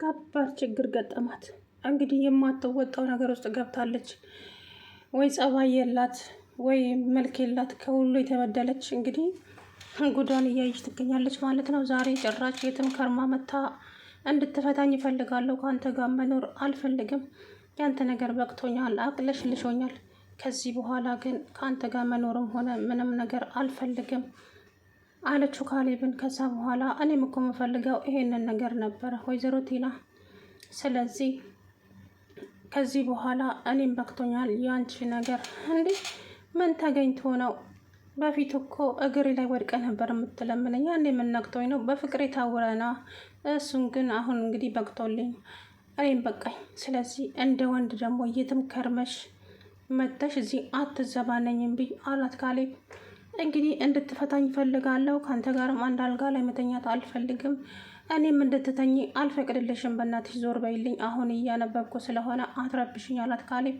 ከባድ ችግር ገጠማት። እንግዲህ የማትወጣው ነገር ውስጥ ገብታለች። ወይ ጸባይ የላት ወይ መልክ የላት ከሁሉ የተበደለች እንግዲህ ጉዳን እያየች ትገኛለች ማለት ነው። ዛሬ ጭራሽ የትም ከርማ መታ እንድትፈታኝ እፈልጋለሁ። ከአንተ ጋር መኖር አልፈልግም። ያንተ ነገር በቅቶኛል፣ አቅለሽ ልሾኛል። ከዚህ በኋላ ግን ከአንተ ጋር መኖርም ሆነ ምንም ነገር አልፈልግም አለችው ካሌብን። ከዛ በኋላ እኔም እኮ የምፈልገው ይሄንን ነገር ነበረ ወይዘሮ ቲና። ስለዚህ ከዚህ በኋላ እኔም በክቶኛል ያንቺ ነገር። እንዴ ምን ተገኝቶ ነው? በፊት እኮ እግሬ ላይ ወድቀ ነበር የምትለምነኝ። ያኔ የምነቅቶኝ ነው በፍቅሬ ታውረና። እሱን ግን አሁን እንግዲህ በቅቶልኝ እኔም በቃኝ። ስለዚህ እንደ ወንድ ደግሞ የትም ከርመሽ መተሽ እዚህ አትዘባነኝም ብዬ አላት ካሌብ። እንግዲህ እንድትፈታኝ ፈልጋለሁ ከአንተ ጋርም አንድ አልጋ ላይ መተኛት አልፈልግም። እኔም እንድትተኝ አልፈቅድልሽም። በእናትሽ ዞር በይልኝ፣ አሁን እያነበብኩ ስለሆነ አትረብሽኝ አላት ካሌብ።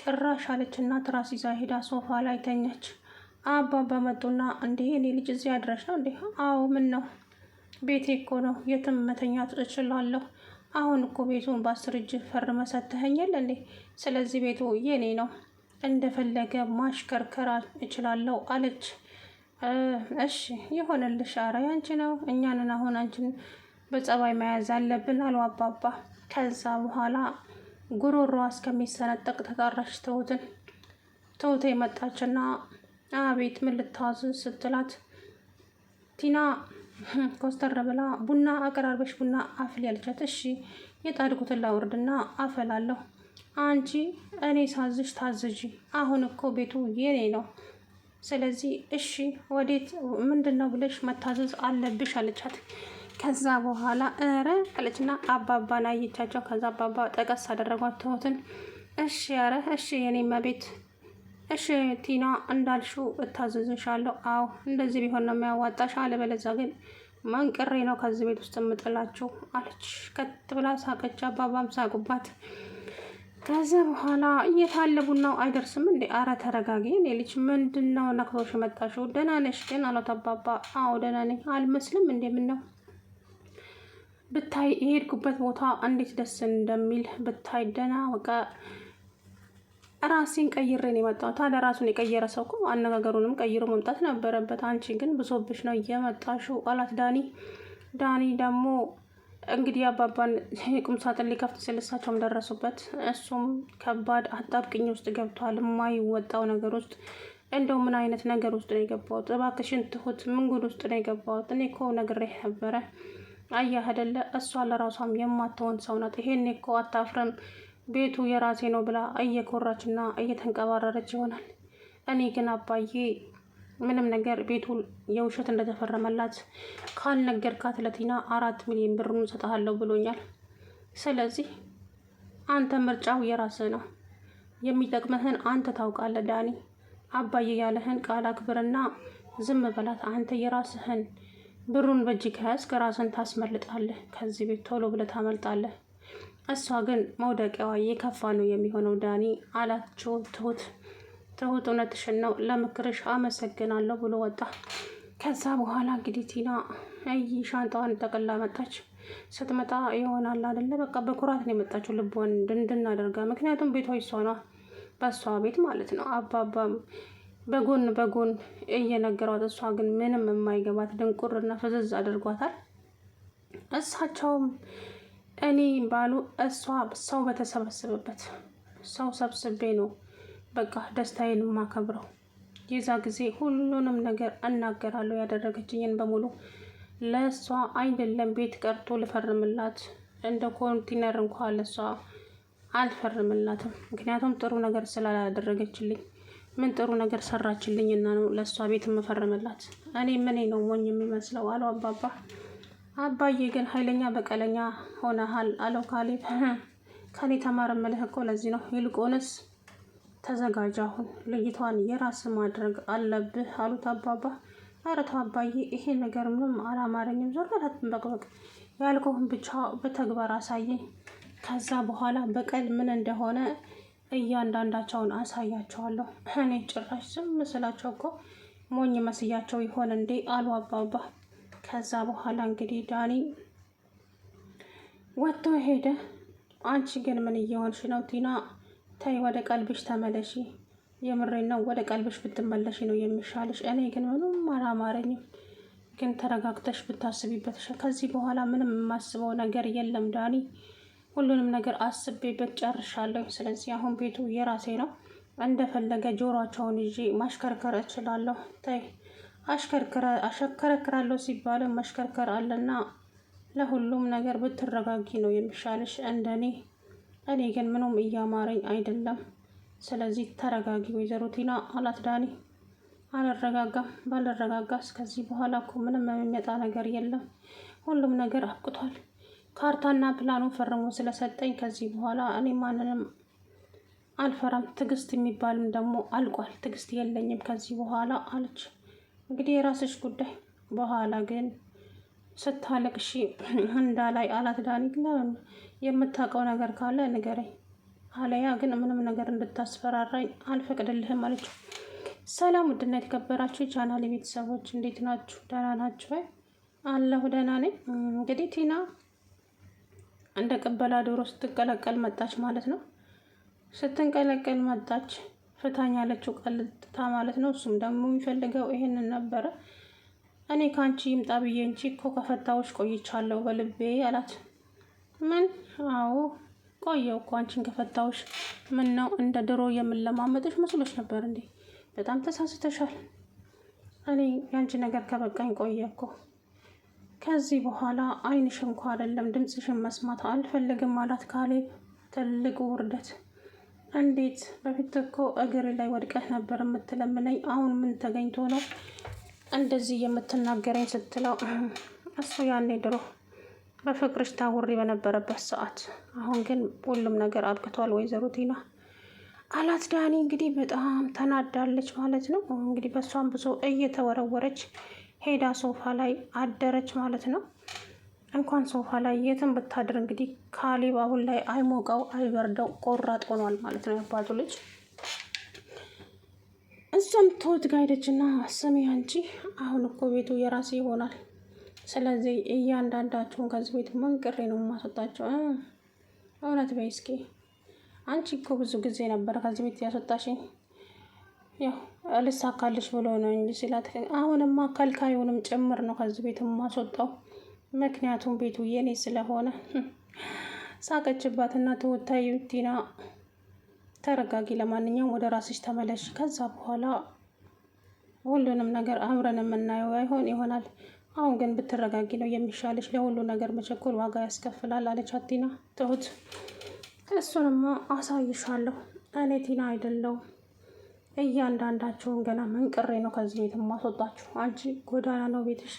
ጭራሽ አለችና ትራስ ይዛ ሄዳ ሶፋ ላይ ተኛች። አባባ መጡና እንዲህ እኔ ልጅ እዚህ አድረሽ ነው እንዲህ? አዎ ምን ነው ቤቴ እኮ ነው፣ የትም መተኛት እችላለሁ። አሁን እኮ ቤቱን በአስር እጅ ፈር ሰጥተኸኛል እንዴ? ስለዚህ ቤቱ የኔ ነው እንደፈለገ ማሽከርከር እችላለሁ አለች። እሺ ይሆንልሽ፣ ኧረ ያንቺ ነው። እኛንን አሁን አንቺን በጸባይ መያዝ አለብን አሉ አባባ። ከዛ በኋላ ጉሮሯ እስከሚሰነጠቅ ተጣራሽ። ትሁትን ትሁቴ መጣችና አቤት ምን ልታዝዝ ስትላት ቲና ኮስተር ብላ ቡና አቀራርበሽ ቡና አፍል ያለቻት። እሺ የጣድኩትን ላውርድና አፈላለሁ አንቺ እኔ ሳዝሽ ታዝጂ። አሁን እኮ ቤቱ የኔ ነው። ስለዚህ እሺ ወዴት ምንድን ነው ብለሽ መታዘዝ አለብሽ አለቻት። ከዛ በኋላ እረ አለችና አባባን አየቻቸው። ከዛ አባባ ጠቀስ አደረጓት ትሁትን። እሺ ኧረ እሺ የኔ መቤት እሺ ቲና እንዳልሽው እታዘዝሻለሁ። አዎ እንደዚህ ቢሆን ነው የሚያዋጣሽ፣ አለበለዚያ ግን መንቅሬ ነው ከዚህ ቤት ውስጥ የምጥላችሁ አለች። ከት ብላ ሳቀች። አባባም ሳቁባት። ከዛ በኋላ የታለ ቡናው አይደርስም እንዴ? አረ ተረጋጊ እኔ ልጅ ምንድን ነው ነክቶሽ የመጣሽው? ደህና ነሽ ግን አላት አባባ። አዎ ደህና ነኝ። አልመስልም እንዴ? ምን ነው ብታይ የሄድኩበት ቦታ እንዴት ደስ እንደሚል ብታይ። ደህና በቃ ራሴን ቀይሬ ነው ታዲያ ራሱን የቀየረ ሰው እኮ አነጋገሩንም ቀይሮ መምጣት ነበረበት። አንቺ ግን ብሶብሽ ነው እየመጣሽው አላት ዳኒ። ዳኒ ደግሞ እንግዲህ አባባን የቁም ሳጥን ሊከፍት ስልሳቸውም ደረሱበት። እሱም ከባድ አጣብቅኝ ውስጥ ገብቷል። የማይወጣው ነገር ውስጥ እንደው ምን አይነት ነገር ውስጥ ነው የገባሁት? እባክሽን ትሁት፣ ምን ጉድ ውስጥ ነው የገባሁት? እኔ እኮ ነግሬህ ነበረ። አያህ አይደለ? እሷ ለራሷም የማትሆን ሰው ናት። ይሄን እኮ አታፍርም። ቤቱ የራሴ ነው ብላ እየኮራች እና እየተንቀባረረች ይሆናል። እኔ ግን አባዬ ምንም ነገር ቤቱን የውሸት እንደተፈረመላት ካልነገርካት ለቲና አራት ሚሊዮን ብሩን እሰጥሃለሁ ብሎኛል። ስለዚህ አንተ ምርጫው የራስህ ነው። የሚጠቅምህን አንተ ታውቃለህ ዳኒ። አባዬ ያለህን ቃል አክብርና ዝም በላት። አንተ የራስህን ብሩን በእጅ ከያዝክ ራስን ታስመልጣለህ። ከዚህ ቤት ቶሎ ብለህ ታመልጣለህ። እሷ ግን መውደቂያዋ የከፋ ነው የሚሆነው ዳኒ አላቸው ትሁት ትሁት እውነትሽን ነው ለምክርሽ አመሰግናለሁ ብሎ ወጣ። ከዛ በኋላ እንግዲህ ቲና እይ ሻንጣዋን ጠቅላ መጣች። ስትመጣ ይሆናል አይደለ በቃ በኩራት ነው የመጣችው፣ ልቧን እንድናደርጋ ምክንያቱም ቤቷ ይሷ ነው፣ በእሷ ቤት ማለት ነው። አባባም በጎን በጎን እየነገሯት፣ እሷ ግን ምንም የማይገባት ድንቁርና ፍዝዝ አድርጓታል። እሳቸውም እኔ ባሉ እሷ ሰው በተሰበሰበበት ሰው ሰብስቤ ነው በቃ ደስታዬን ማከብረው የዛ ጊዜ ሁሉንም ነገር እናገራለሁ። ያደረገችኝን በሙሉ ለእሷ አይደለም ቤት ቀርቶ ልፈርምላት እንደ ኮንቲነር እንኳ ለእሷ አልፈርምላትም። ምክንያቱም ጥሩ ነገር ስላላደረገችልኝ ምን ጥሩ ነገር ሰራችልኝና ነው ለእሷ ቤት የምፈርምላት? እኔ ምን ነው ሞኝ የሚመስለው አለው አባባ። አባዬ ግን ኃይለኛ በቀለኛ ሆነሃል አለው ካሌብ። ከኔ ተማር እምልህ እኮ ለዚህ ነው ይልቁንስ ተዘጋጅ፣ አሁን ልጅቷን የራስ ማድረግ አለብህ አሉት አባባ። ኧረ ተው አባዬ፣ ይሄ ነገር ምንም አላማረኝም። ዞር በል አትንበቅበቅ፣ ያልኩህን ብቻ በተግባር አሳየኝ። ከዛ በኋላ በቀል ምን እንደሆነ እያንዳንዳቸውን አሳያቸዋለሁ። እኔ ጭራሽ ዝም ስላቸው እኮ ሞኝ መስያቸው ይሆን እንዴ አሉ አባባ። ከዛ በኋላ እንግዲህ ዳኒ ወጥቶ ሄደ። አንቺ ግን ምን እየሆንሽ ነው ቲና? ተይ ወደ ቀልብሽ ተመለሺ። የምሬ ነው። ወደ ቀልብሽ ብትመለሺ ነው የሚሻልሽ። እኔ ግን ምንም አላማረኝም። ግን ተረጋግተሽ ብታስቢበት። ከዚህ በኋላ ምንም የማስበው ነገር የለም ዳኒ። ሁሉንም ነገር አስቤበት ጨርሻለሁ። ስለዚህ አሁን ቤቱ የራሴ ነው። እንደፈለገ ጆሮቸውን ይዤ ማሽከርከር እችላለሁ። ተይ አሸከረክራለሁ ሲባልም መሽከርከር አለና ለሁሉም ነገር ብትረጋጊ ነው የሚሻልሽ እንደኔ እኔ ግን ምንም እያማረኝ አይደለም። ስለዚህ ተረጋጊ ወይዘሮ ቲና አላት ዳኒ። አልረጋጋም። ባልረጋጋስ ከዚህ በኋላ እኮ ምንም የሚመጣ ነገር የለም። ሁሉም ነገር አብቅቷል። ካርታና ፕላኑን ፈርሞ ስለሰጠኝ ከዚህ በኋላ እኔ ማንንም አልፈራም። ትዕግስት የሚባልም ደግሞ አልቋል። ትዕግስት የለኝም ከዚህ በኋላ አለች። እንግዲህ የራስሽ ጉዳይ። በኋላ ግን ስታለቅሺ ላይ አላት። ዳኒ ግን የምታውቀው ነገር ካለ ንገረኝ፣ አለያ ግን ምንም ነገር እንድታስፈራራኝ አልፈቅድልህም አለችው። ሰላም ውድና የተከበራችሁ የቻናል ቤተሰቦች እንዴት ናችሁ? ደህና ናችሁ ወይ? አለሁ ደህና ነኝ። እንግዲህ ቲና እንደ ቅበላ ዶሮ ስትንቀለቀል መጣች ማለት ነው። ስትንቀለቀል መጣች፣ ፍታኝ አለችው ቀልጥታ ማለት ነው። እሱም ደግሞ የሚፈልገው ይሄንን ነበረ። እኔ ከአንቺ ይምጣ ብዬ እንጂ እኮ ከፈታዎች ቆይቻለሁ በልቤ አላት። ምን? አዎ ቆየው እኮ አንቺን ከፈታዎች። ምን ነው እንደ ድሮ የምለማመጥሽ መስሎች ነበር እንዴ? በጣም ተሳስተሻል። እኔ የአንቺ ነገር ከበቃኝ ቆየ እኮ። ከዚህ በኋላ አይንሽ እንኳ አይደለም ድምፅሽን መስማት አልፈልግም አላት ካሌብ። ትልቁ ውርደት እንዴት! በፊት እኮ እግር ላይ ወድቀህ ነበር የምትለምነኝ። አሁን ምን ተገኝቶ ነው እንደዚህ የምትናገረኝ ስትለው እሱ ያኔ ድሮ በፍቅርሽ ታውሪ በነበረበት ሰዓት፣ አሁን ግን ሁሉም ነገር አብቅቷል ወይዘሮ ቲና አላት። ዳኒ እንግዲህ በጣም ተናዳለች ማለት ነው። እንግዲህ በእሷም ብዙ እየተወረወረች ሄዳ ሶፋ ላይ አደረች ማለት ነው። እንኳን ሶፋ ላይ የትም ብታድር እንግዲህ ካሊብ አሁን ላይ አይሞቀው አይበርደው ቆራጥ ሆኗል ማለት ነው የአባቱ ልጅ። እሷም ትወት ጋር እና ስሚ አንቺ አሁን እኮ ቤቱ የራሴ ይሆናል። ስለዚህ እያንዳንዳችሁን ከዚህ ቤት መንቅሬ ነው የማስወጣቸው። እውነት በይ እስኪ አንቺ እኮ ብዙ ጊዜ ነበረ ከዚህ ቤት ያስወጣሽኝ ያው ልሳካልሽ ብሎ ነው እንጂ ሲላት፣ አሁንማ ከልካዩንም ጭምር ነው ከዚህ ቤት የማስወጣው ምክንያቱም ቤቱ የኔ ስለሆነ ሳቀችባትና ትውታይ ቲና ተረጋጊ፣ ለማንኛውም ወደ ራስሽ ተመለሽ። ከዛ በኋላ ሁሉንም ነገር አብረን የምናየው አይሆን ይሆናል። አሁን ግን ብትረጋጊ ነው የሚሻልሽ። ለሁሉ ነገር መቸኮል ዋጋ ያስከፍላል አለች ቲና ትሁት። እሱንማ አሳይሻለሁ እኔ ቲና አይደለሁም። እያንዳንዳችሁን ገና መንቅሬ ነው ከዚህ ቤት ማስወጣችሁ። አንቺ ጎዳና ነው ቤትሽ፣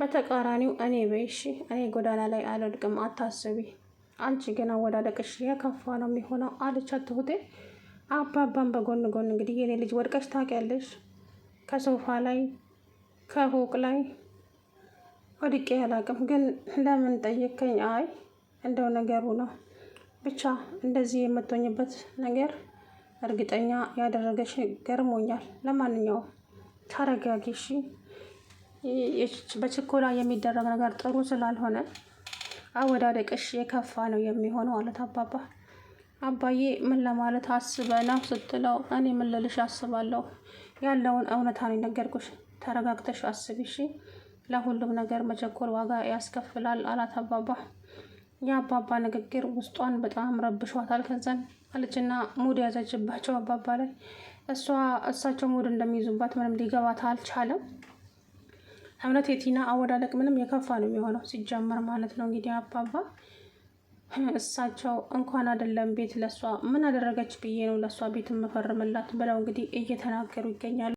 በተቃራኒው እኔ በይሽ። እኔ ጎዳና ላይ አልወድቅም፣ አታስቢ። አንቺ ግን አወዳደቅሽ የከፋ ነው የሚሆነው አለቻት ትሁቴ። አባባን በጎን ጎን እንግዲህ የኔ ልጅ ወድቀሽ ታውቂያለሽ? ከሶፋ ላይ ከፎቅ ላይ ወድቄ አላውቅም፣ ግን ለምን ጠየከኝ? አይ እንደው ነገሩ ነው ብቻ እንደዚህ የምትሆኝበት ነገር እርግጠኛ ያደረገሽ ገርሞኛል። ለማንኛውም ተረጋጊ እሺ። በችኮላ የሚደረግ ነገር ጥሩ ስላልሆነ አወዳደቅሽ የከፋ ነው የሚሆነው አለት አባባ። አባዬ ምን ለማለት አስበ ነው ስትለው፣ እኔ ምን ልልሽ አስባለሁ ያለውን እውነታ ነው የነገርኩሽ። ተረጋግተሽ አስቢ ለሁሉም ነገር መቸኮል ዋጋ ያስከፍላል አላት አባባ። የአባባ ንግግር ውስጧን በጣም ረብሿታል። ከዘን አለችና ሙድ ያዘችባቸው አባባ ላይ። እሷ እሳቸው ሙድ እንደሚይዙባት ምንም ሊገባት አልቻለም። እምነት የቲና አወዳደቅ ምንም የከፋ ነው የሚሆነው ሲጀመር ማለት ነው። እንግዲህ አባባ እሳቸው እንኳን አይደለም ቤት ለሷ ምን አደረገች ብዬ ነው ለሷ ቤት የምፈርምላት ብለው እንግዲህ እየተናገሩ ይገኛሉ።